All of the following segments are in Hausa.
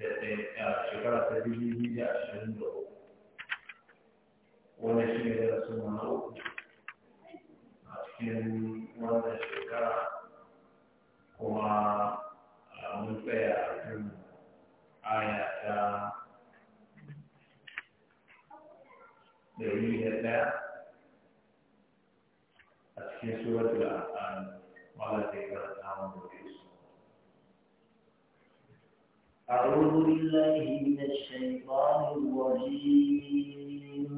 shekara ta biyu biyu da ashirin da uku wanda shi ne da su na uku a cikin wannan shekara kuma mun tsaya a kan aya ta ɗari da ɗaya a cikin suratul al'an wanda zai karanta mu أعوذ بالله من الشيطان الرجيم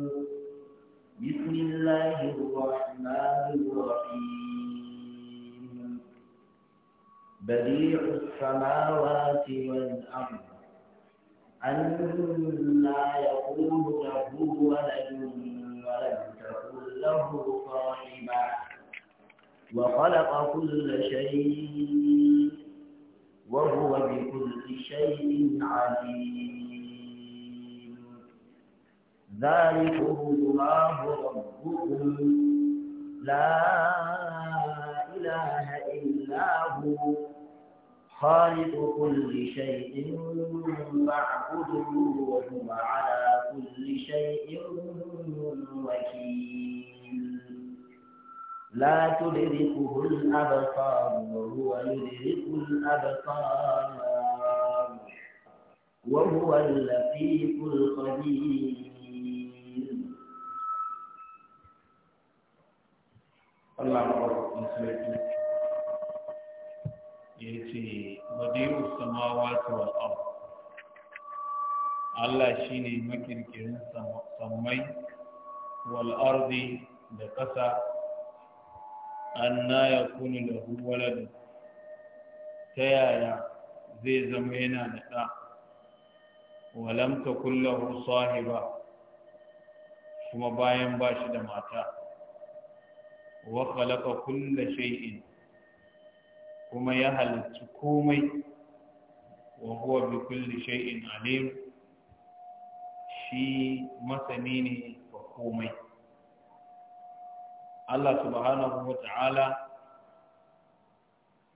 بسم الله الرحمن الرحيم بديع السماوات والأرض أنا يقول له ولد ولم تكن له صاحبا وخلق كل شيء وهو بكل شيء عليم ذلكم الله ربكم لا إله إلا هو خالق كل شيء فاعبدوه وهو على كل شيء وكيل لا تدركه الأبصار وهو يدرك الأبصار وهو اللطيف الخبير الله أكبر يأتي بديع السماوات والأرض الله شيني مكر كرنسا مقصمي an na ya kunu da huwaladun ta yaya zai zama yana da ɗa walamta ta kullahu sahiba kuma bayan ba shi da mata wa khalaqa kulla shay'in kuma ya halarci komai wa huwa bi kulli shay'in alim shi masani ne ga komai Allah subhanahu wa ta'ala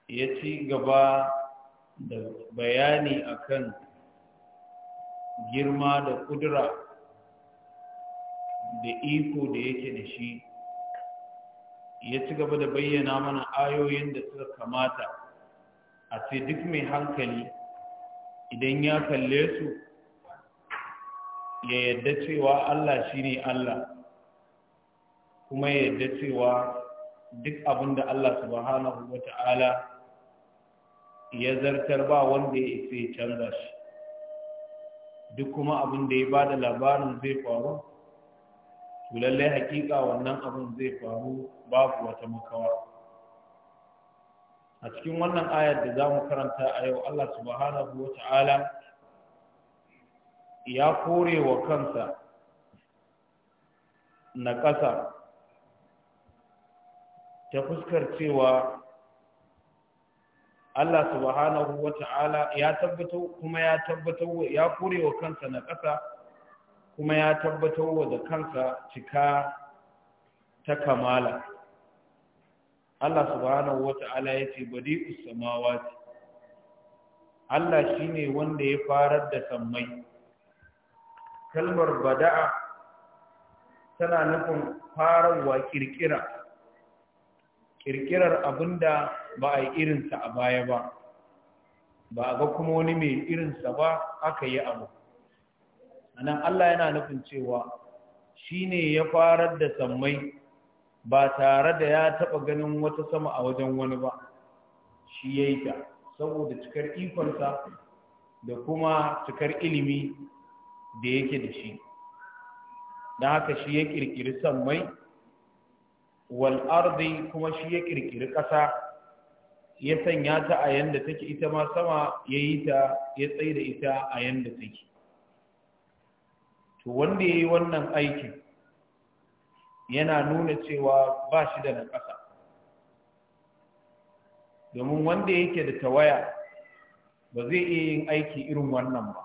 ya ci gaba da bayani akan girma da kudura da iko da yake da shi ya ci gaba da bayyana mana ayoyin da suka kamata a ce duk mai hankali idan ya kalle su ya yadda cewa Allah shi ne Allah kuma ya yarda cewa duk abin da Allah subhanahu wa ta'ala ya zartar ba wanda ya isa ya canza shi duk kuma abin da ya ba da labarin zai faru to lallai hakika wannan abin zai faru babu wata makawa a cikin wannan ayar da za mu karanta a yau Allah subhanahu wa ta'ala ya kore wa kansa na ƙasa ta fuskar cewa Allah subhanahu wa ta'ala ya tabbatar kuma ya tabbatar ya kure wa kansa na ƙasa kuma ya tabbatar wa da kansa cika ta kamala Allah subhanahu wa ta'ala ya ce bari samawati Allah shi ne wanda ya farar da sammai kalmar bada'a tana nufin farawa kirkira kirkirar abin da ba a yi irinsa a baya ba ba a ga kuma wani mai irinsa ba aka yi abu anan Allah yana nufin cewa shi ne ya farar da sammai ba tare da ya taɓa ganin wata sama a wajen wani ba shi ya yi ta saboda cikar ikonsa da kuma cikar ilimi da yake da shi don haka shi ya ƙirƙiri sammai wal ardi kuma shi ya kirkiri ƙasa ya sanya ta a yanda take ita ma sama ya yi ta ya tsaye da ita a yanda take to wanda ya yi wannan aikin yana nuna cewa ba shi da na ƙasa domin wanda yake da tawaya ba zai iya yin aiki irin wannan ba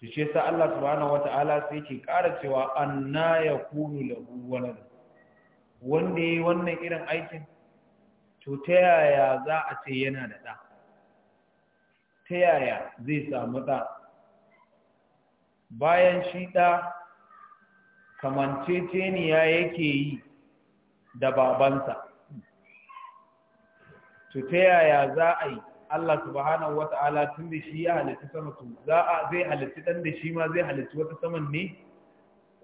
to shi yasa Allah subhanahu wata'ala sai yake ƙara cewa anna yakunu lahu walad wanda ya yi wannan irin aikin to ta yaya za a ce yana da ɗa ta yaya zai samu ɗa bayan shi ɗa kamanceceniya yake yi da babansa to ta yaya za a yi Allah subhanahu wata'ala tun da shi ya halitta sama to za a zai halitta dan da shi ma zai halitta wata saman ne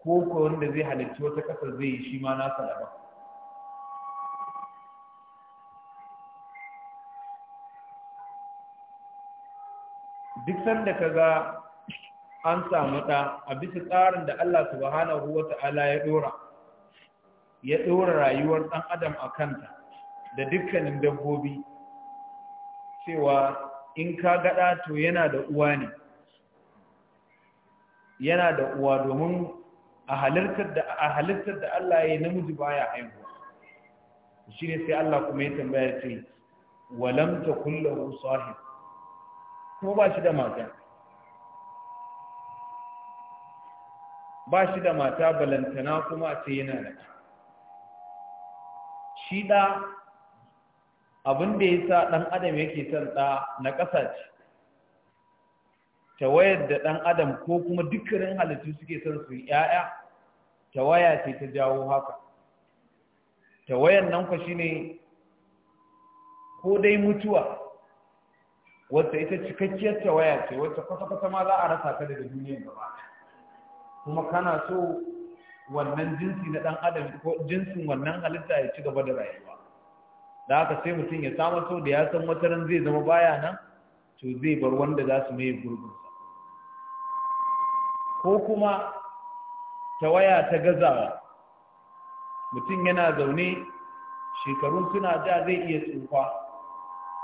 ko ko wanda zai halitta wata kasa zai yi shi ma nasa daban duk sanda ka ga an samu ɗa a bisa tsarin da Allah subhanahu wa ta'ala ya ɗora ya ɗora rayuwar ɗan adam a kanta da dukkanin dabbobi cewa in ka gaɗa to yana da uwa ne yana da uwa domin a halittar da Allah ya namiji baya haihuwa shi ne sai Allah kuma ya tambaya ce walam kulle kullahu sahib kuma ba shi da mata ba shi da mata balantana kuma a ce yana da shi ɗa abin da ya sa ɗan adam yake son ɗa na ƙasa ce ta da ɗan adam ko kuma dukkanin halittu suke son su ‘ya'ya tawaya ce ta jawo haka ta wayan nan shi ne ko dai mutuwa Wata ita cikakkiyar tawaya ce wacce kwata-kwata ma za a rasa ta daga duniyar gaba kuma kana so wannan jinsi na dan adam ko jinsin wannan halitta ya ci gaba da rayuwa da haka sai mutum ya samu so da ya san wata wataran zai zama baya nan to zai bar wanda za su mai gurbinsa ko kuma tawaya ta gazawa mutum yana zaune shekaru suna ja zai iya tsufa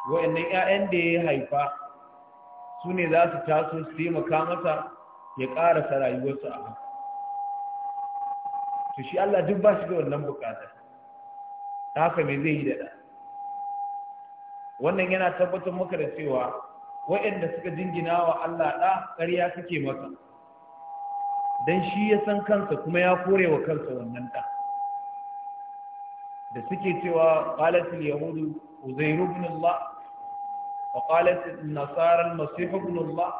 wa'annan ƴaƴan da ya haifa su ne za su taso su taimaka masa ya ƙarasa rayuwarsu a haka to shi Allah duk ba shi da wannan bukata ta haka me zai yi da wannan yana tabbatar maka da cewa waɗanda suka jingina wa Allah ɗa ƙarya suke masa don shi ya san kansa kuma ya kore wa kansa wannan ɗa da suke cewa ƙalatul yahudu uzairu bin وقالت النصارى المسيح ابن الله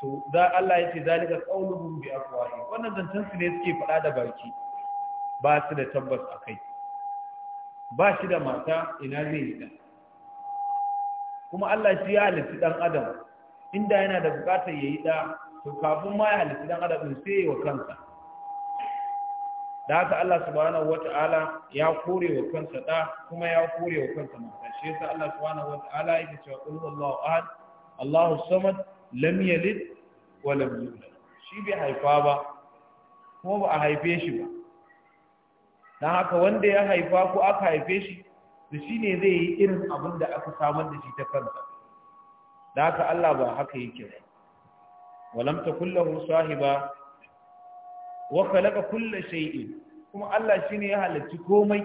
to Allah ya ce zalika qauluhum bi afwahi wannan zancen su ne suke faɗa da baki ba su da tabbas akai ba shi da mata ina zai yi dan kuma Allah shi ya halitta dan adam inda yana da bukatar yayi da to kafin ma ya halitta ɗan adam din sai wa kansa da haka Allah subhanahu wata'ala ya kore wa kansa da kuma ya kore wa kansa mata shi yasa Allah subhanahu wata'ala yake cewa qul huwallahu ahad Allahu samad lam yalid wa lam yulad shi bai haifa ba kuma ba a haife shi ba dan haka wanda ya haifa ko aka haife shi to shine zai yi irin abin da aka samar da shi ta kansa da haka Allah ba haka yake ba walam takullahu sahiba wa khalaqa kulla shay'in kuma Allah shine ya halacci komai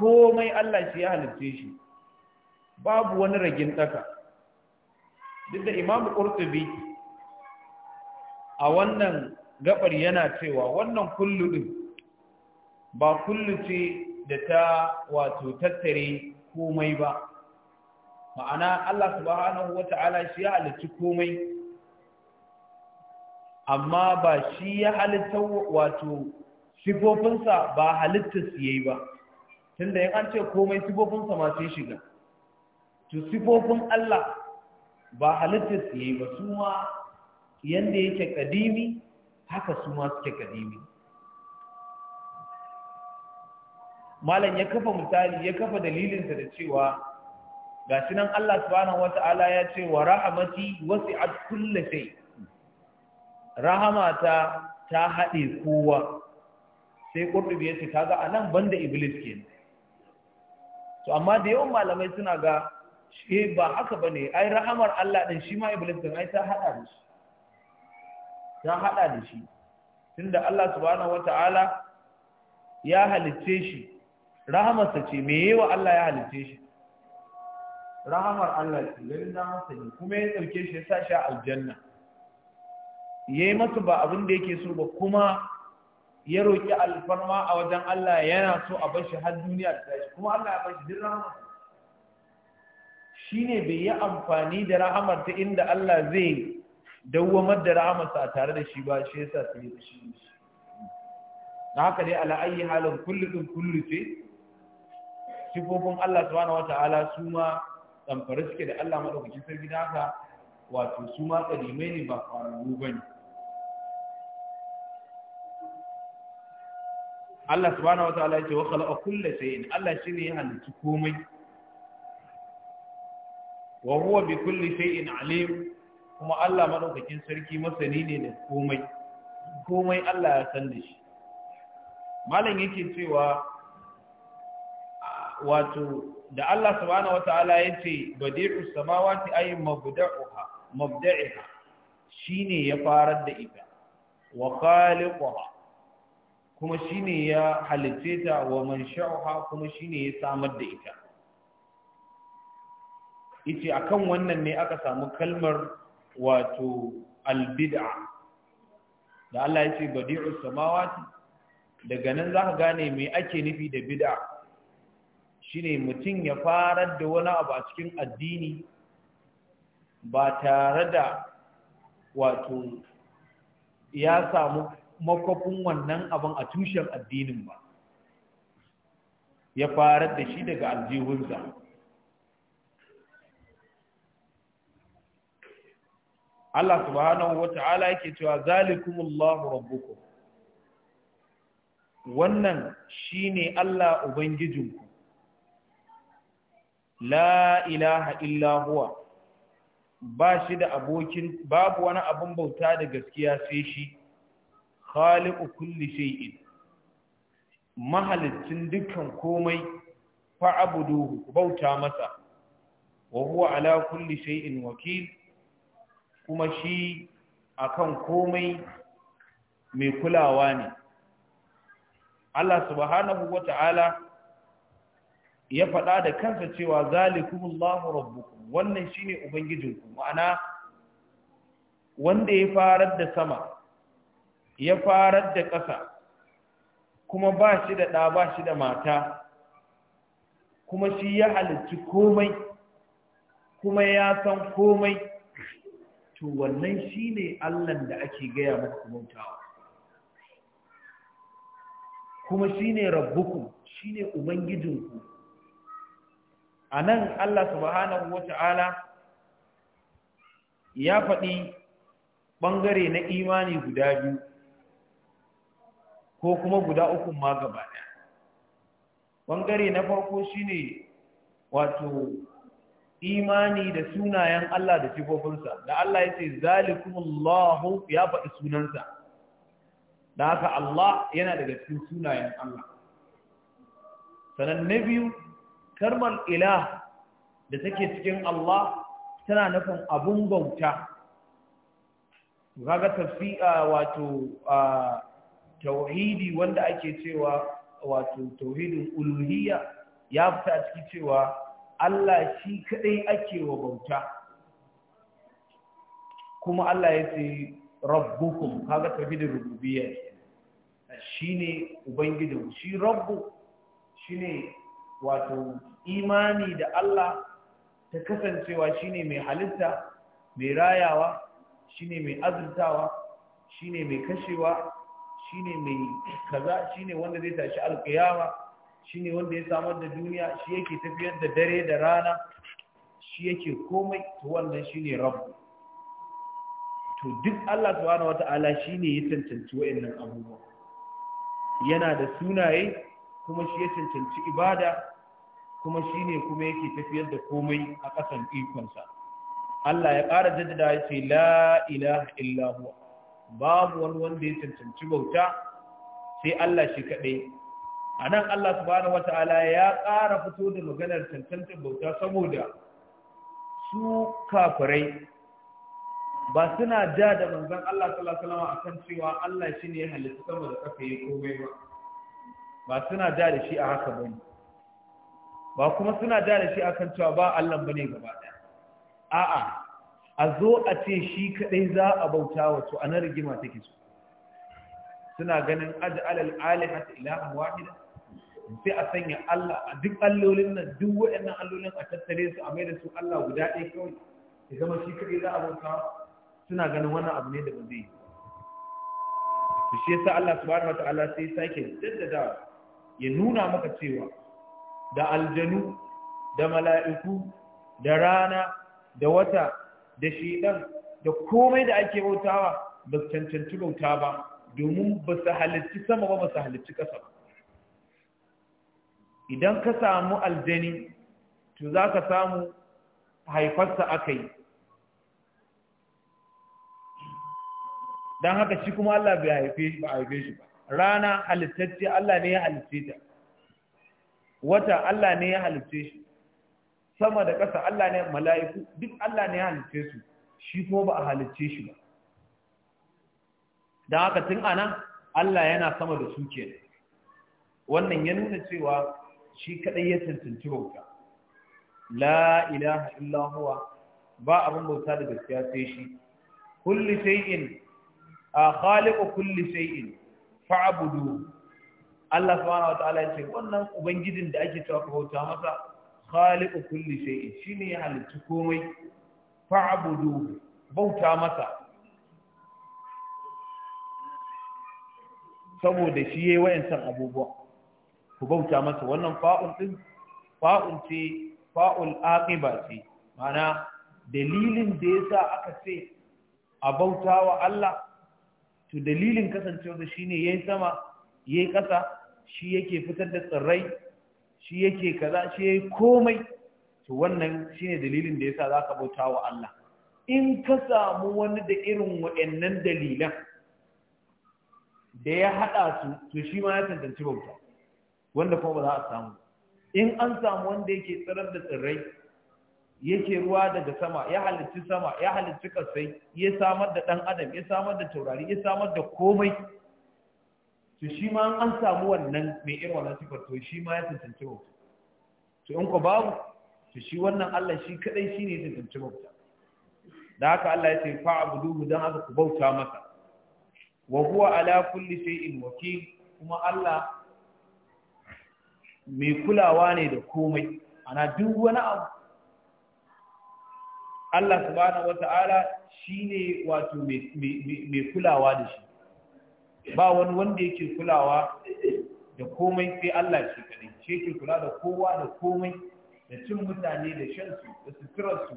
komai Allah shi ya halarce shi babu wani ragin tsaka duk da Imam Qurtubi a wannan gabar yana cewa wannan kullu din ba kullu ce da ta wato tattare komai ba ma'ana Allah subhanahu wata'ala shi ya halarci komai amma ba shi ya halitta wato sifofinsa ba halitta su yayi ba tunda in an ce komai sifofinsa ma sai shiga to sifofin Allah ba halitta su yayi ba su ma yanda yake kadimi haka su ma suke kadimi malam ya kafa misali ya kafa dalilinsa da cewa gashi nan Allah subhanahu wata'ala ya ce wa rahamati wasi'at kullu shay' rahama ta ta haɗe kowa sai ƙurɗu ya ce kaga a nan banda iblis ke to amma da yawan malamai suna ga shi eh, ba haka ba ne ai rahamar Allah ɗin shi ma iblis ɗin ai ta haɗa da shi ta haɗa da shi tunda Allah subhanahu Ta'ala ya halicce shi rahamarsa ce me yawa Allah ya halicce shi rahamar Allah ce garin damarsa ne kuma ya ɗauke shi ya sa shi aljanna yayi masa ba abin da yake so ba kuma ya roki alfarma a wajen Allah yana so a bar shi har duniya ta tashi kuma Allah ya bar shi rahama shine bai yi amfani da rahamar ta inda Allah zai dawwamar da rahamarsa tare da shi ba shi yasa sai ya shi na haka dai ala ayi halin kullu din kullu ce sifofin Allah subhanahu wataala su ma damfare suke da Allah madaukakin sarki da haka wato su ma kadimai ne ba kwararru bane Allah subhanahu wataala yake wa khalaqa kulla shay'in Allah shine ya halitta komai wa huwa bi kulli shay'in alim kuma Allah madaukakin sarki masani ne da komai komai Allah ya san da shi malam yake cewa wato da Allah subhanahu wataala yace badi'us samawati ay mabda'uha mabda'iha shine ya farar da ita wa khaliquha kuma shine ya halitte ta wa man sha'uha kuma shine ya samar da ita yace akan wannan ne aka samu kalmar wato albid'a da Allah yace badi'u samawati daga nan zaka gane me ake nufi da bid'a shine mutum ya fara da wani abu a cikin addini ba tare da wato ya samu makwafin wannan abin a tushen addinin ba ya fara da shi daga aljihunsa Allah subhanahu wa ta'ala yake cewa zalikumullahu rabbukum wannan shine Allah ubangijinku la ilaha illa huwa ba shi da abokin babu wani abin bauta da gaskiya sai shi khaliqu kulli shay'in mahalicin dukkan komai fa'abuduhu ku bauta masa wa huwa ala kulli shay'in wakil kuma shi akan komai mai kulawa ne Allah subhanahu wata'ala ya faɗa da kansa cewa zalikumullahu rabbukum wannan shine ubangijinku ma'ana wanda ya farar da sama ya farar da ƙasa kuma ba shi da ɗa ba shi da mata kuma shi ya halarci komai kuma ya san komai to wannan shi ne allan da ake gaya maka tawa. kuma shi ne rabbuku shi ne ubangijinku a nan allah subhanahu wa ta'ala ya faɗi ɓangare na imani guda biyu ko kuma guda uku ma gaba ɗaya ɓangare na farko shine wato imani da sunayen Allah da sifofinsa da Allah ya ce zalikumullahu ya faɗi sunansa da haka Allah yana daga cikin sunayen Allah sanan na biyu karmar ilah da take cikin Allah tana nufin abun bauta kaga a wato tauhidi wanda ake cewa wato tauhidin uluhiyya ya fita a ciki cewa Allah shi kadai ake wa bauta kuma Allah ya ce rabbukum kaga tauhidin rububiyya shine ubangijin shi rabbu shine wato imani da Allah ta kasancewa shine mai halitta mai rayawa shine mai azurtawa shine mai kashewa shine mai kaza shine wanda zai tashi alkiyama shine wanda ya samar da duniya shi yake tafiyar da dare da rana shi yake komai to wannan shine rabu to duk Allah subhanahu wata'ala shine ya cancanci wayannan abubuwa yana da sunaye kuma shi ya cancanci ibada kuma shine kuma yake tafiyar da komai a kasan ikonsa Allah ya ƙara jaddada ya ce la ilaha babu wani wanda ya cancanci bauta sai Allah shi kaɗai a nan Allah subhanahu wata'ala ya ƙara fito da maganar cancantar bauta saboda su kafirai ba suna ja da manzon Allah sallallahu alaihi wasallam akan cewa Allah ne ya halitta sama da kafa yi komai ba ba suna ja da shi a haka ba ne. ba kuma suna ja da shi akan cewa ba Allah bane gaba daya a'a a zo a ce shi kadai za a bauta wa a anan rigima take su suna ganin aj'alal alihata ilahan wahida sai a sanya Allah a duk allolin nan duk waɗannan allolin a tattare su a maida su Allah guda ɗaya kawai ya zama shi kadai za a bauta suna ganin wannan abu ne da ba zai yi shi yasa Allah subhanahu wataala sai sake daddada ya nuna maka cewa da aljanu da mala'iku da rana da wata da ɗan da komai da ake bautawa ba su cancanci bauta ba domin ba su halitti sama ba ba su halitti ƙasa ba idan ka samu aljani to za ka samu haifarsa aka yi don haka shi kuma Allah bai haife shi ba haife shi ba rana halittacce Allah ne ya halitte ta wata Allah ne ya halitte shi sama da ƙasa Allah ne mala'iku duk Allah ne ya halice su shi kuma ba a halice shi ba don haka tun ana Allah yana sama da su ke wannan ya nuna cewa shi kaɗai ya cancanci bauta la ilaha illahuwa ba abin bauta da gaskiya sai shi kulli shay'in a khaliqu kulli shay'in fa'budu Allah subhanahu wa ta'ala ya ce wannan ubangijin da ake cewa ka bauta masa khaliqu kulli shay'in shine ya halicci komai fa'budu bauta masa saboda shi yayi wayancan abubuwa ku bauta masa wannan Fa'ul din fa'ul ce fa'ul aqiba ce mana dalilin da yasa aka ce a bautawa Allah to dalilin kasancewa shine yayi sama yayi kasa shi yake fitar da tsirrai shi yake kaza shi yayi komai to wannan shine dalilin da yasa zaka bauta wa Allah in ka samu wani da irin waɗannan dalilan da ya haɗa su to shi ma ya tantance bauta wanda kuma ba za a samu in an samu wanda yake tsirar da tsirrai yake ruwa daga sama ya halicci sama ya halicci kasai ya samar da ɗan adam ya samar da taurari ya samar da komai to shi ma an samu wannan mai irin wannan sifar to shi ma ya tantance bauta to in ko babu to shi wannan Allah shi kadai shine ya tantance bauta da haka Allah ya ce fa'buduhu dan haka ku bauta masa wa huwa ala kulli shay'in wakil kuma Allah mai kulawa ne da komai ana duk wani abu Allah subhanahu wata'ala shine wato mai kulawa da shi ba wani wanda yake kulawa da komai sai Allah shi kadai shi yake kula da kowa da komai da cin mutane da shan su da suturarsu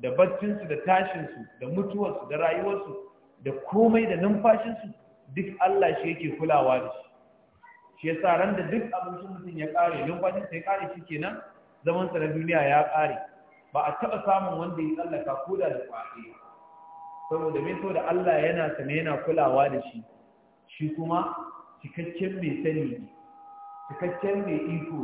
da baccin su da tashin su da mutuwar su da rayuwar su da komai da numfashin su duk Allah shi yake kulawa da shi shi yasa ran da duk abincin mutum ya kare numfashin sai ya kare shi kenan zaman sa na duniya ya kare ba a taba samun wanda ya tsallaka ko da kwaɗe saboda me saboda da Allah yana sane yana kulawa da shi shi kuma cikakken mai sani ne, cikakken mai iko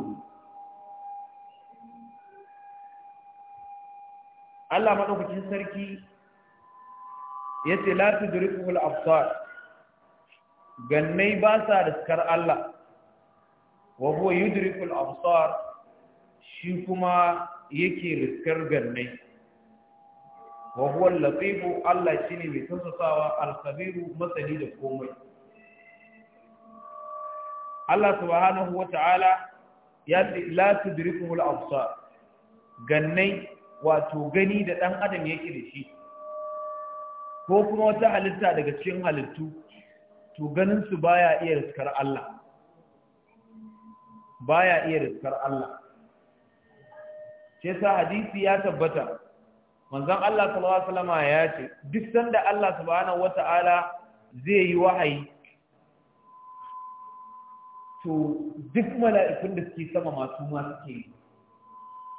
Allah maɗaukacin sarki ya ce lati durikul absar gannai ba sa riskar Allah wa huwa yudrikul absar shi kuma yake riskar gannai wa huwa al Allah shi ne mai tsasawa al-khabiru masani da komai Allah subhanahu wa ta'ala ya ce la tudrikuhul absar gannai wato gani da dan adam yake da shi ko kuma wata halitta daga cikin halittu to ganin su baya iya riskar Allah baya iya riskar Allah sai sa hadisi ya tabbata manzon Allah sallallahu alaihi wasallam ya ce duk sanda Allah subhanahu ta’ala zai yi wahayi to duk mala'ikun da suke sama masu ma suke yi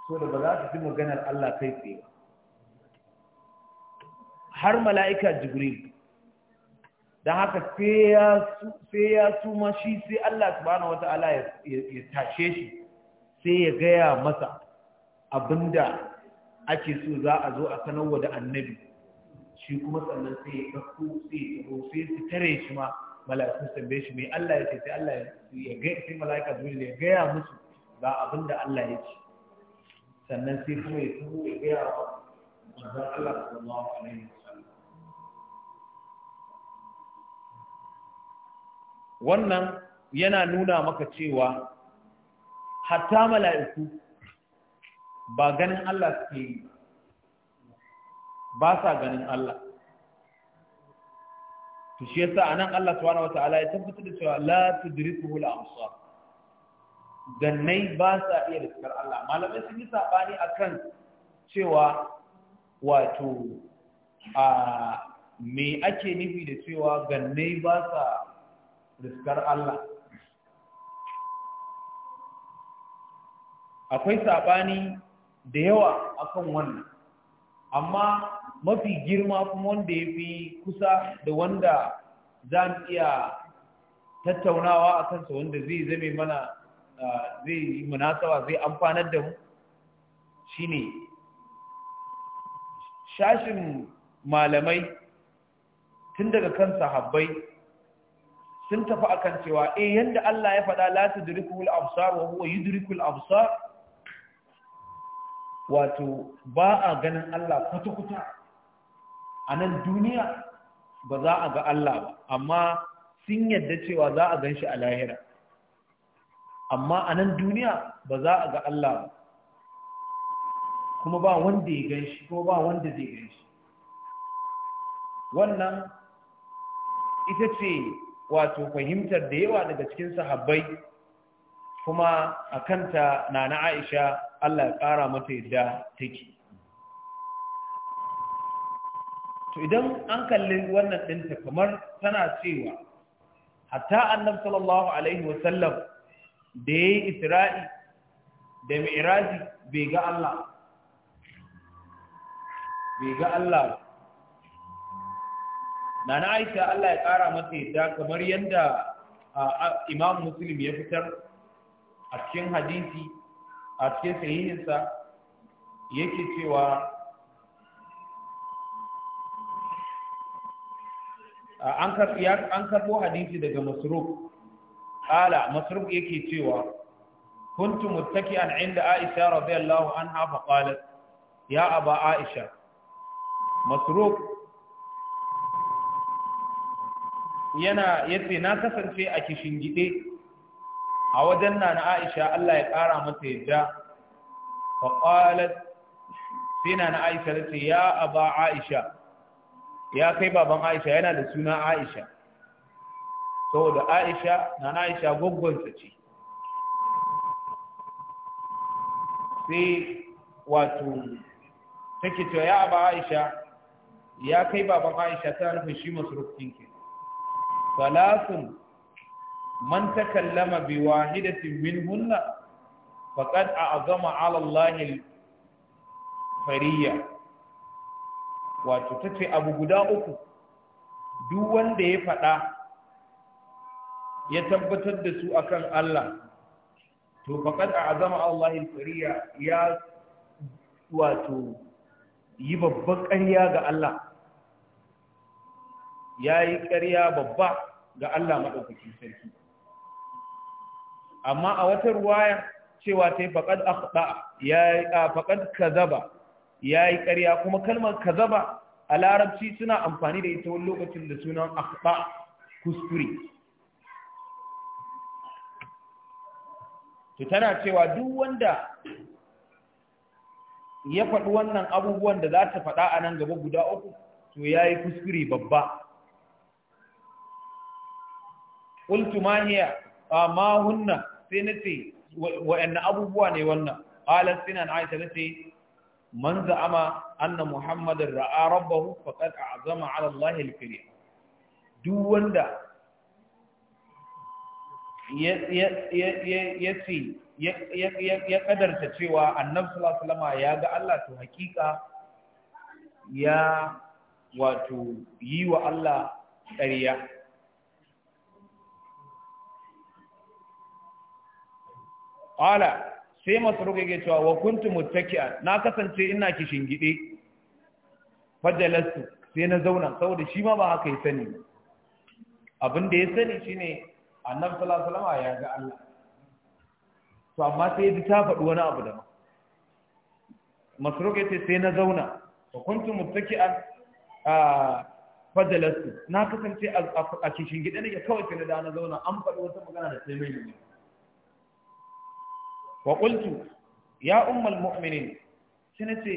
so da ba za su ji maganar Allah kai tsaye har mala'ika jibril don haka sai ya suma shi sai Allah subhanahu wa ta'ala ya tashe shi sai ya gaya masa abinda ake so za a zo a sanarwa da annabi shi kuma sannan sai ya ɗauko sai ya tare shi ma mala'iku tambaye shi mai Allah ya ce sai Allah ya ga sai mala'ika zuri ya gaya musu ga abin da Allah ya ce sannan sai kuma ya tuhu ya gaya wa wajen Allah sallallahu alaihi wasallam wannan yana nuna maka cewa hatta mala'iku ba ganin Allah suke yi ba sa ganin Allah to shi yasa anan Allah subhanahu wataala ya tabbata da cewa la tudrikuhu al-absar gannai ba sa iya riskar Allah malamai sun yi sabani akan cewa wato a me ake nufi da cewa gannai ba sa riskar Allah akwai sabani da yawa akan wannan amma mafi girma kuma wanda ya fi kusa da wanda za mu iya tattaunawa a kansa wanda zai zame mana zai yi munasawa zai amfanar da mu shi ne shashin malamai tun daga kan sahabbai sun tafi a kan cewa eh yadda Allah ya faɗa lati durikul afsar wa huwa yudrikul afsar wato ba a ganin Allah kwata-kwata a nan duniya ba za a ga Allah ba amma sun yadda cewa za a gan shi a lahira amma a nan duniya ba za a ga Allah ba kuma ba wanda ya gan shi kuma ba wanda zai gan shi wannan ita ce wato fahimtar da yawa daga cikin sahabbai kuma a kanta na na aisha Allah ya ƙara mata yadda take to idan an kalli wannan ɗinta kamar tana cewa hatta annabi sallallahu alaihi wasallam da ya yi isra'i da mi'raji, bai ga Allah bai ga Allah na na aisha Allah ya ƙara mata yadda kamar yadda imam muslim ya fitar a cikin hadisi a cikin sahihinsa yake cewa an karbo hadisi daga masruf qala masruf yake cewa kuntu muttaki'an inda aisha radiyallahu anha fa qalat ya aba aisha masruf yana yace na kasance a kishin gide a wajen na aisha Allah ya kara mata yadda fa qalat sai na aisha tace ya aba aisha ya kai baban Aisha yana da suna Aisha saboda Aisha na Aisha gwaggwansa ce sai wato take cewa ya ba Aisha ya kai baban Aisha ta rufe shi masarufin ke salasun man kallama bi wahidatin hunna faqad a'zama 'ala Allah al-fariyya wato ta ce abu guda uku duk wanda ya faɗa ya tabbatar da su akan Allah to faqad a'zama Allah al ya wato yi babban ƙarya ga Allah yayi ƙarya babba ga Allah madaukakin sarki amma a wata ruwaya cewa tai faqad akhta ya faqad kazaba ya yi ƙarya kuma kalmar kazaba a larabci suna amfani da ita wani lokacin da sunan akhta kuskure to tana cewa duk wanda ya faɗi wannan abubuwan da za ta faɗa a nan gaba guda uku to ya yi kuskure babba ƙultu mahiya a mahunna sai na ce wa'yan abubuwa ne wannan halar sinan aisha na ce man za'ama anna muhammadin ra'a rabbahu a a'zama 'ala allahi al duk wanda ya ya ya ya ya kadarta cewa annabi sallallahu alaihi wasallam ya ga Allah to hakika ya yi wa Allah ƙarya sai masruq yake cewa wa kuntu muttaki'a na kasance ina kishin gide fajalastu sai na zauna saboda shi ma ba haka ya sani abin da ya sani shine annabi sallallahu alaihi wasallam ya ga Allah to amma sai ji ta faɗi wani abu da masruq ce sai na zauna wa kuntu a fajalastu na kasance a kishin gida nake kawai ke na da na zauna an faɗi wata magana da sai mai ne wa qultu ya ummul mu'minin sai nace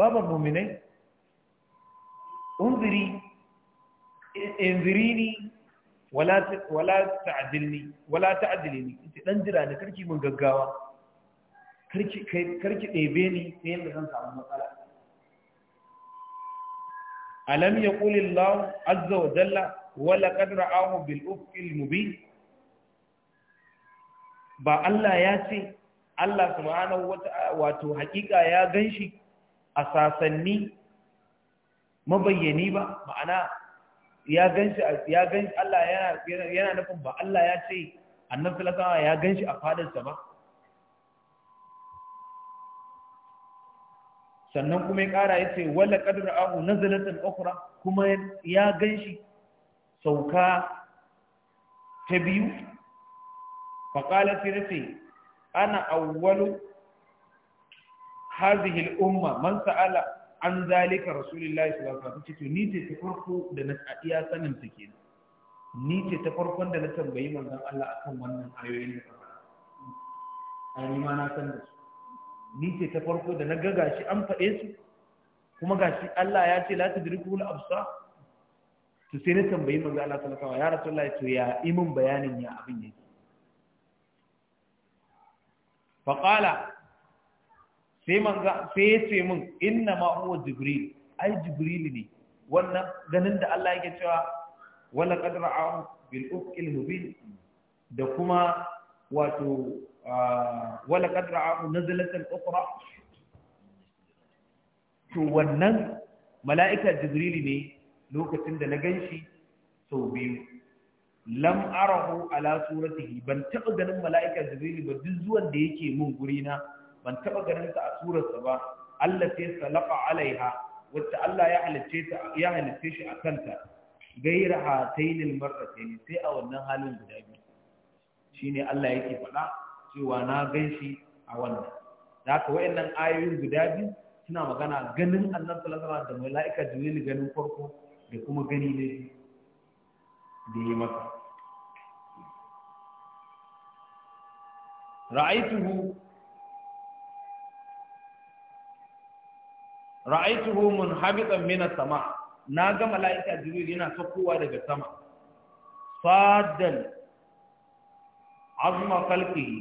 babar mu'minai unziri inzirini wala ta'adilni wala ta'adilni ita dan jira ne karki mun gaggawa karki karki ɗebe ni sai yanda zan samu matsala alam yaqul Allah azza wa jalla wa laqad ra'ahu bil ufqil mubin ba Allah ya ce Allah subhanahu wato hakika ya ganshi a sasanni mabayyani ba ma'ana ya ganshi ya ganshi Allah yana yana nufin ba Allah ya ce annabi sallallahu alaihi ya ganshi a fadarsa ba sannan kuma ya kara ya ce wala kadra ahu nazalatan ukhra kuma ya ganshi sauka ta biyu faƙala sai ana awwalu hadhihi al-umma man sa'ala an zalika rasulullahi sallallahu alaihi wasallam to ni ce ta farko da na iya sanin ta kenan ni ce ta farkon da na tambayi manzon Allah akan wannan ayoyin da kafa An ma na san da su ni ce ta farko da na ga gashi an fade su kuma gashi Allah ya ce la tudrikul absar to sai na tambayi manzon Allah sallallahu alaihi wasallam ya rasulullahi to ya imin bayanin ya abin yake faƙala sai ya ce min inna ma'uwa jibril ai jibril ne wannan ganin da Allah yake cewa wala ƙadar a'un bil'ukil da kuma wato wala ƙadar a'un na zalatar ƙwaƙwara to wannan mala'ikar jibril ne lokacin da na gan shi sau biyu lam arahu ala suratihi ban taba ganin mala'ikar jibril ba duk zuwan da yake mun guri na ban taba ganin a surarsa ba Allah sai salafa alaiha wacce Allah ya halicce ta ya shi a kanta gaira hatainil marratayn sai a wannan halin guda biyu shine Allah yake faɗa cewa na ganshi a wannan da haka wayannan ayoyin guda biyu suna magana ganin annabi sallallahu alaihi wasallam da malaikar jibril ganin farko da kuma gani na da ya masa ra'aituhu ra'aituhu munhabitan min sama na ga mala'ika jibril yana sakowa daga sama Fadal azma khalqihi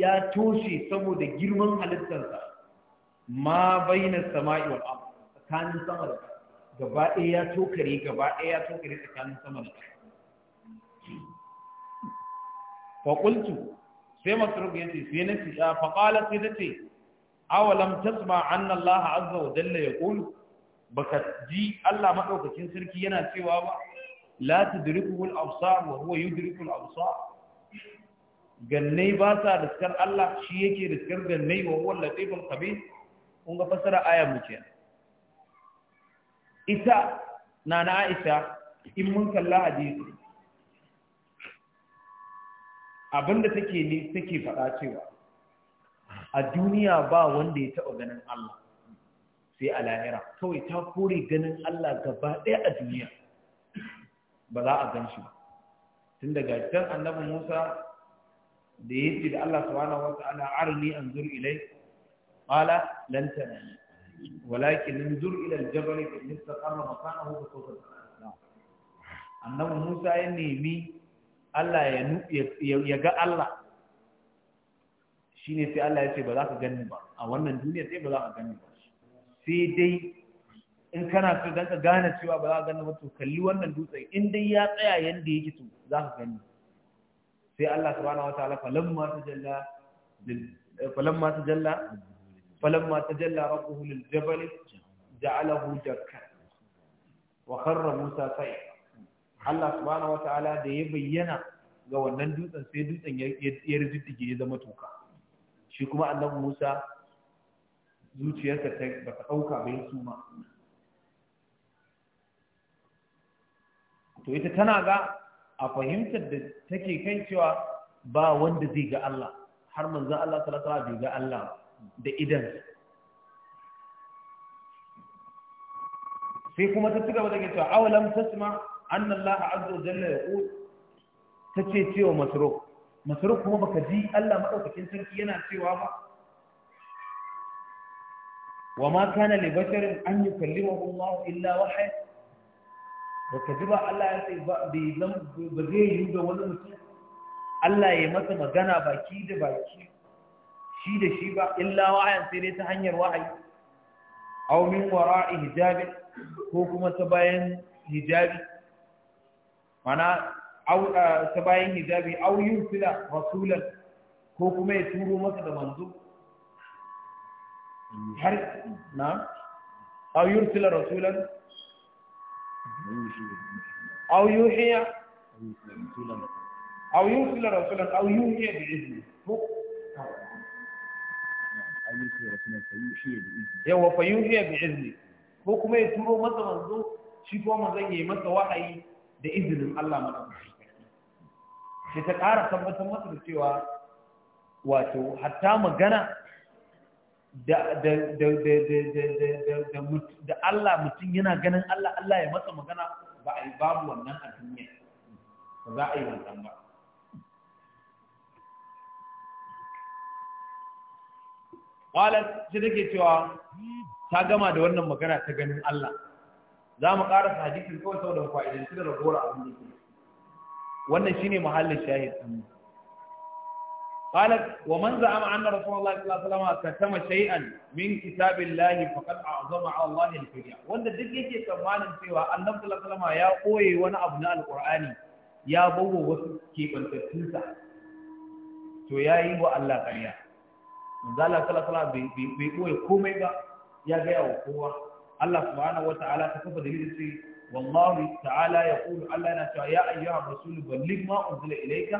ya toshe saboda girman halittarsa ma bai na samai wal tsakanin sama da gaba ɗaya ya tokare gaba ɗaya ya tokare tsakanin sama da ƙasa faƙultu sai masaruf ya ce sai na ce ya faƙala sai na ce awalam tasma anna Allah azza wa jalla ya ƙulu baka ji Allah maɗaukakin sarki yana cewa ba la tudrikuhu al-absar wa huwa yudriku al-absar gannai ba sa riskar Allah shi yake riskar gannai wa huwa latiful khabir kun ga fasara aya mu kenan ita na na Aisha in mun kalla hadisi abinda take ne take faɗa cewa a duniya ba wanda ya taɓa ganin Allah sai a lahira kawai ta kore ganin Allah gaba ɗaya a duniya ba za a gan shi ba tun daga can annabi Musa da ya ce da Allah subhanahu arini arni anzur ilai qala lantana ne ولكن nzur الى الجبل ان استقر مكانه istaqarra makanahu fa موسى ta'lam الله Musa ya nemi Allah ya ga Allah shine sai Allah ya ce ba za ka gani ba a wannan duniya sai ba za ka gani ba sai dai in kana so dan ka gane cewa ba za ka gani ba to kalli wannan dutsen in dai ya tsaya yanda yake to za ka gani sai Allah subhanahu wataala falamma tajalla falamma tajalla فلما تجلى ربه للجبل جعله دكا وخر موسى صعقا Allah subhanahu ta'ala da ya bayyana ga wannan dutsen sai dutsen ya rijittige ya zama toka shi kuma annabi Musa zuciyarsa ta ba bata dauka bai suma to ita tana ga a fahimtar da take kai cewa ba wanda zai ga Allah har manzon Allah sallallahu alaihi bai ga Allah ba da idan sai kuma ta ci gaba da cewa awalam tasma anna Allah azza wa jalla ta ce cewa masruf masruf kuma baka ji Allah madaukakin sarki yana cewa ba wa ma kana li basharin an yukallimahu Allah illa wahyi baka ji ba Allah ya sai ba ba zai yi da wani mutum Allah ya masa magana baki da baki shi da shi ba illa wahayan sai dai ta hanyar wahayi aw min wara'i hijabi ko kuma ta bayan hijabi mana aw ta bayan hijabi aw yursila rasulan ko kuma ya turo masa da manzo har na aw yursila rasulan aw yuhiya aw yursila rasulan aw yuhiya bi izni ayyuka rasulan fa yuhiya bi izni yawa fa ko kuma ya turo masa manzo shi ko manzon yi masa wahayi da izinin Allah madaukaki sai ta ƙara tabbatar masa da cewa wato hatta magana da da da da Allah mutum yana ganin Allah Allah ya masa magana ba a yi babu wannan a duniya ba za a yi wannan ba qalat sai take cewa ta gama da wannan magana ta ganin Allah za mu ƙara karasa hadisin kawai saboda fa'idan shi da ragowar abin da ke wannan shine mahallin shahid din قالت ومن زعم ان رسول الله صلى الله عليه وسلم كتم شيئا من كتاب الله فقد اعظم على الله الفريا wanda duk yake tsammanin cewa annabi sallallahu alaihi wasallam ya koye wani abu na alqur'ani ya bawo wasu kebantattun sa to yi wa Allah ƙarya manzala sallallahu alaihi bai koyi komai ba ya ga yawa kowa Allah subhanahu wataala ta kafa dalilin sai wallahi ta'ala ya qulu Allah yana cewa ya ayyuha rasul balligh ma unzila ilayka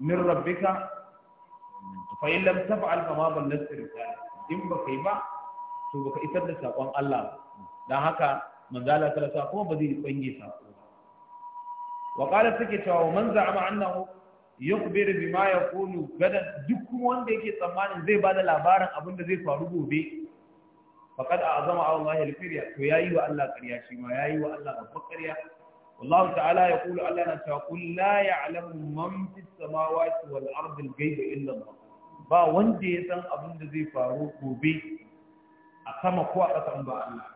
min rabbika fa in lam taf'al fa ma ballaghta risala in baka yi ba to baka isar da sakon Allah dan haka manzala sallallahu alaihi kuma ba zai kwange sako ba wa qala take cewa man za'ama annahu yukbir bima yakunu gadan duk wanda yake tsammanin zai bada labarin abin da zai faru gobe faqad a'zama Allah al-qarya to yayi wa Allah ƙarya shi ma yayi wa Allah babbar ƙarya والله تعالى يقول الله نتا قل لا يعلم من في السماوات والارض الغيب الا الله ba wanda ya san abin da zai faru gobe a sama ko a ƙasa ba Allah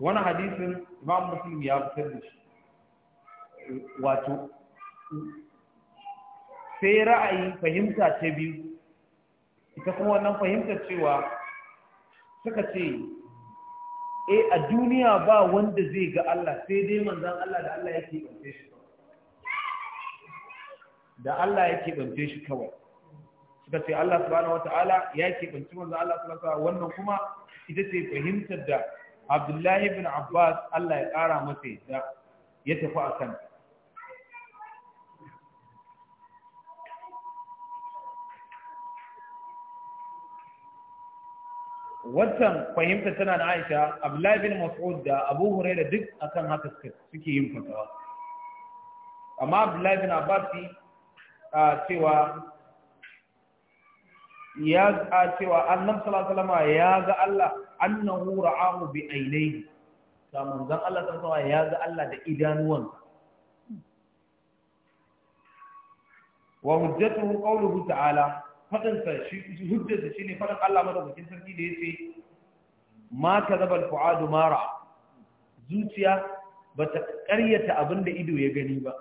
Wani hadisin Imam Muslim ya fitar da shi wato sai ra'ayi fahimta ta biyu ita kuma wannan fahimtar cewa suka ce e a duniya ba wanda zai ga Allah sai dai manzan Allah da Allah ya ɓance shi da Allah yake ɓance shi kawai suka ce Allah subhanahu wata'ala ya keɓance manzan Allah subhanahu wata'ala wannan kuma ita ce fahimtar da Abdullahi bin Abbas Allah ya ƙara masa da ya tafi a kanta waccan fahimta tana na Aisha Abdullahi bin Mas'ud da Abu Hurairah duk akan haka suke yin fatawa amma Abdullahi bin Abbas cewa ya a cewa Annabi sallallahu alaihi wasallam ya ga Allah annahu ra'ahu bi ainihi da manzon Allah sallallahu alaihi ya ga Allah da idanuwan? wa hujjatuhu qawluhu ta'ala fadansa shi shi ne fadan Allah madaukakin sarki da ya ma kadaba al-fuadu mara zuciya bata karyata da ido ya gani ba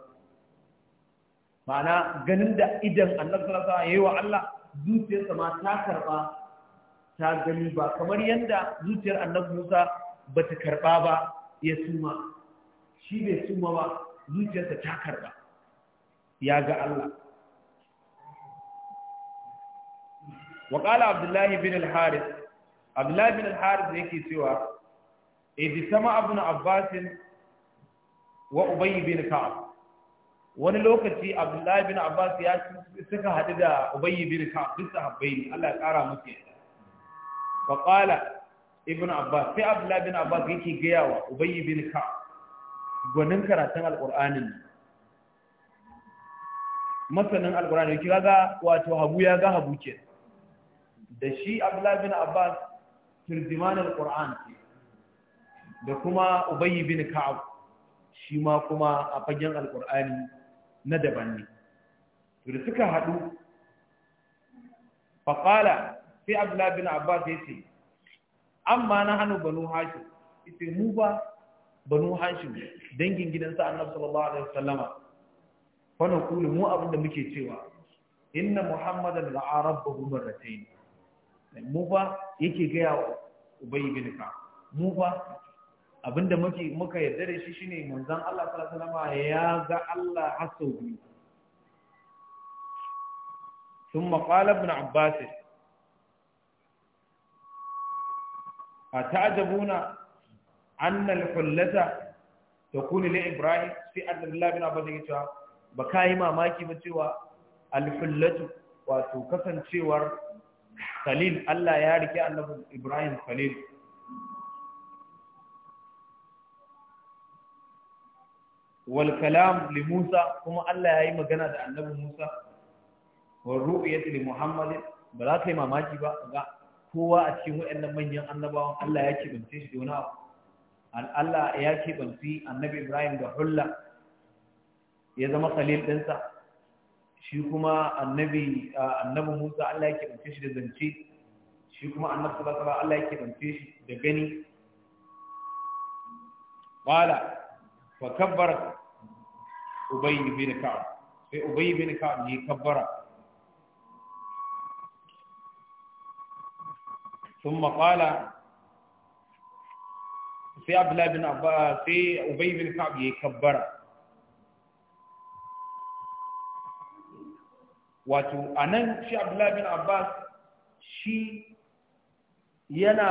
ma'ana ganin da idan Allah ya yi wa Allah zuciyarsa ma ta karba ta gani ba kamar yadda zuciyar Annabi Musa bata karɓa ba ya suma shi bai suma ba zuciyarsa ta karɓa ya ga Allah wa qala abdullahi bin al-harith abdullahi bin al-harith yake cewa idh sama ibn abbas wa ubay bin ka'ab wani lokaci abdullahi bin abbas ya suka haɗu da ubay bin ka duk sahabbai ne Allah ya ƙara musu yadda fa qala ibn abbas sai abdullahi bin abbas yake gaya wa ubay bin ka. gwanin karatun alqur'anin masanin alkurani ki kaga wato habu ya ga habu kenan. da shi abdullahi bin abbas turjiman alquran da kuma ubay bin ka'ab shi ma kuma a fagen alqurani na daban ne to da suka hadu fa qala sai abdullahi bin abbas yace amma na hanu banu hashim ita mu ba banu hashim dangin sa annabi sallallahu alaihi wasallama fa naqulu mu abinda muke cewa inna muhammadan ra'a rabbahu marratayn mu fa yake gaya wa ubayi bin ka mu fa abinda muke muka yarda da shi shine manzon Allah sallallahu alaihi wasallam ya ga Allah hasau biyu ثم قال ابن عباس أتعجبون أن الحلة تكون لإبراهيم في أن الله بن عباس يقول بكاي ما cewa بتوا الحلة وتكفن kasancewar. khalil Allah ya rike annabi Ibrahim khalil wal kalam li Musa kuma Allah ya yi magana da annabi Musa wal ru'yat li Muhammad ba za ka yi mamaki ba ga kowa a cikin waɗannan manyan annabawan Allah ya kibance shi da wani abu Allah ya kibance annabi Ibrahim da hulla ya zama khalil ɗinsa shi kuma annabi annabi Musa Allah yake bance shi da zance shi kuma annabi sallallahu alaihi wasallam Allah yake bance shi da gani qala fa kabbara ubay bin ka'ab sai ubay bin ka'ab ne kabbara ثم قال sai abdullahi bin abba sai ubay bin ka'ab yayi kabbara wato a nan shi abdullahi abbas shi yana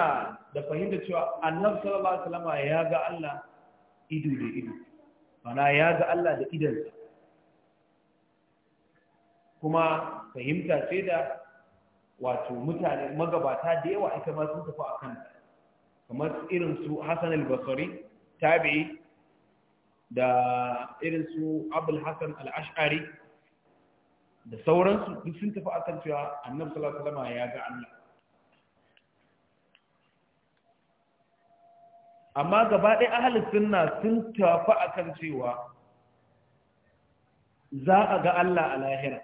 da fahimta cewa annabi salama ya ga Allah ido da ido mana ya ga Allah da idansa kuma fahimta ce da wato mutane magabata da yawa ita ma sun tafi akan kamar irin su Hassan al-Basri tabi'i da irin su Abdul Hassan al-Ash'ari da sauransu duk sun tafi akan cewa annabi sallallahu alaihi wasallam ya ga Allah amma gaba ɗaya ahlus sunna sun tafi akan cewa za a ga Allah a lahira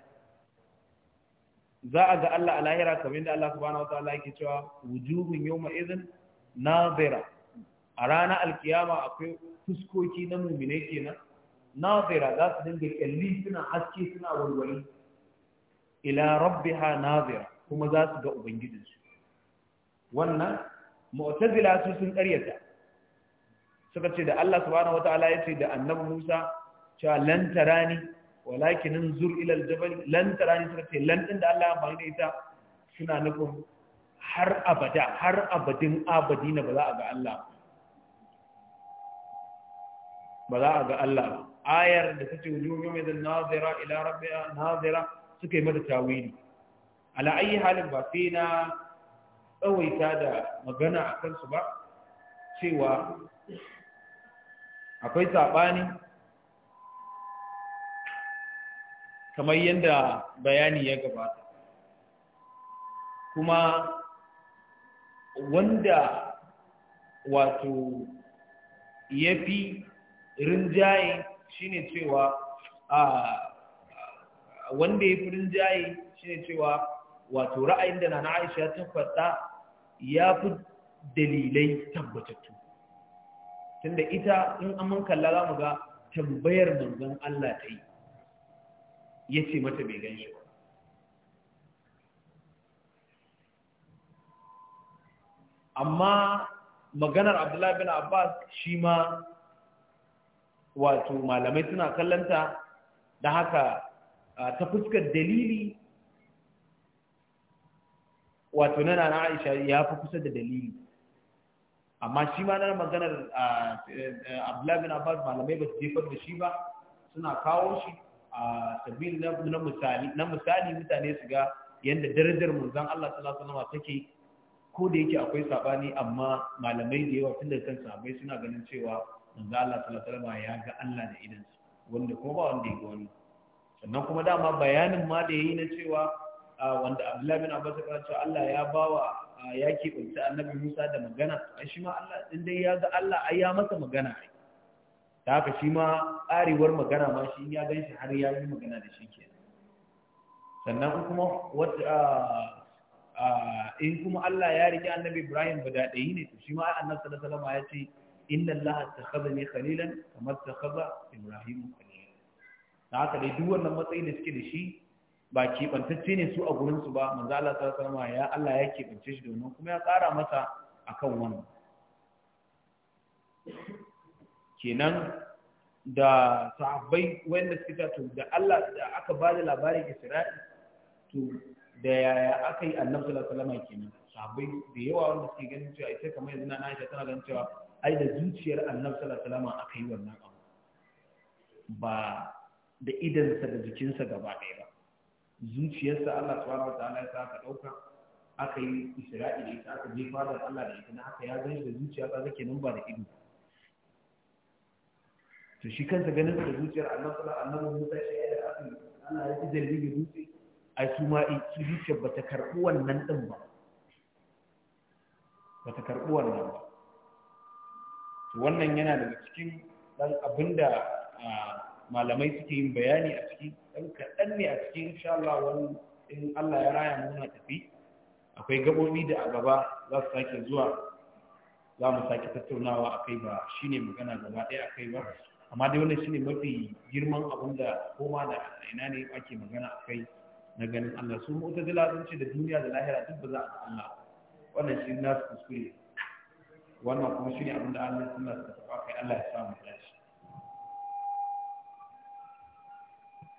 za a ga Allah a lahira kamar yadda Allah subhanahu wa ta'ala yake cewa wujuhun yawma idhin nazira a ranar alkiyama akwai fuskoki na mumine kenan nazira za su dinga kyalli suna haske suna walwali ila rabbiha nazira kuma za su ga ubangijinsu wannan mu'tazila su sun ƙaryata suka ce da Allah subhanahu wataala yace da annabi Musa cewa lan tarani walakin anzur ila aljabal lan tarani suka ce lan din da Allah ya amfani da ita suna nufin har abada har abadin abadina ba za a ga Allah ba za a ga Allah ayar da take wujuhu yawmin nazira ila rabbiha nazira suka yi mata tawili ala ayi halin ba sai na tsawaita da magana a kansu ba cewa akwai saɓani kamar yadda bayani ya gabata kuma wanda wato ya fi rinjaye shine cewa a wanda ya jayi jaye shine cewa wato ra'ayin da na Aisha ta faɗa ya fi dalilai tabbatattu tunda ita in an kalla za mu ga tambayar manzon Allah ta yi ya ce mata bai gan shi amma maganar abdullahi bin abbas shi ma wato malamai suna kallanta da haka ta fuskar dalili wato na na Aisha ya fi kusa da dalili amma shi ma na maganar Abdullahi bin Abbas malamai ba su jefar da shi ba suna kawo shi a sabbin na misali mutane su ga yadda darajar munzan Allah sallallahu alaihi take ko da yake akwai sabani amma malamai da yawa tun da kan sabai suna ganin cewa munzan Allah ta ya ga Allah da idansu wanda ko ba wanda ya ga wani sannan kuma dama bayanin ma da yayi na cewa wanda Abdullahi bin Abbas ya ce Allah ya bawa ya ke keɓance annabi Musa da magana ai shi ma Allah din dai ya ga Allah ai ya masa magana ai ta haka shi ma tsarewar magana ma shi ya gan shi har ya yi magana da shi kenan sannan kuma wata in kuma Allah ya rike annabi Ibrahim ba daɗayi ne shi ma annabi sallallahu alaihi wasallam ya ce inna Allah takhadha ni khalilan kama takhadha Ibrahim da haka dai duk wannan matsayi da suke da shi ba keɓantacce ne su a gurinsu ba manzo Allah sallallahu alaihi ya Allah ya keɓance shi domin kuma ya ƙara masa akan wannan kenan da sahabbai wanda ta, to da Allah da aka ba da labarin Isra'i to da yaya aka yi annabi sallallahu alaihi wasallam kenan sahabbai da yawa wanda suke ganin cewa ita kamar yanzu na Aisha tana ganin cewa ai da zuciyar annabi sallallahu alaihi wasallam aka yi wannan abu ba da idansa da jikinsa gaba ɗaya ba zuciyarsa Allah subhanahu wataala ya sa aka ɗauka aka yi isra'i da ita aka je fadar Allah da ita na haka ya gani da zuciya ta zake nan ba da ido to shi kansa ganin da zuciyar Allah sallallahu alaihi wasallam Musa shi ya aka Allah ya ji dalili da zuci ai su ma su zuciyar bata karbu wannan din ba bata karbu wannan ba wannan yana daga cikin dan abinda ah, malamai suke yin bayani a ciki ɗan kaɗan ne a cikin insha Allah wani in Allah ya raya muna tafi akwai gabobi da a gaba za su sake zuwa za mu sake tattaunawa a kai ba shi ne magana gaba ɗaya a kai ba amma dai wannan shi ne mafi girman abin da koma da ina ne ake magana a kai na ganin Allah su mu tazila sun ce da duniya da lahira duk ba za a ga Allah wannan shi na su kuskure wannan kuma shi ne abin da Allah su ka ta kai Allah ya samu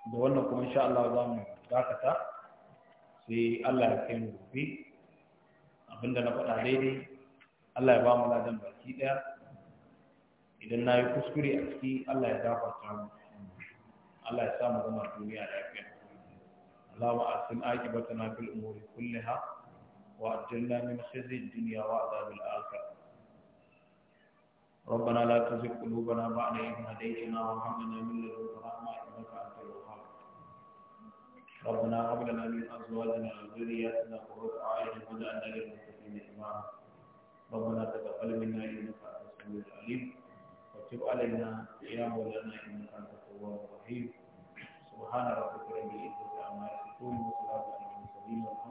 da wannan kuma insha Allah za mu dakata sai Allah ya kai mu gobe abinda na faɗa daidai Allah ya ba mu ladan baki ɗaya idan na yi kuskure a ciki Allah ya gafarta mu Allah ya sa mu zama duniya lafiya اللهم أحسن عاقبتنا في الأمور كلها وأجرنا من خزي الدنيا وعذاب akhirah ربنا لا تزغ قلوبنا بعد إذ هديتنا وهب لنا من لدنك رحمة إنك ربنا هب لنا من ازواجنا وذرياتنا قرة اعين واجعلنا للمتقين اماما ربنا تقبل منا انك انت السميع العليم وتب علينا يا مولانا انك انت التواب الرحيم سبحان ربك رب العزه عما يصفون وسلام على المرسلين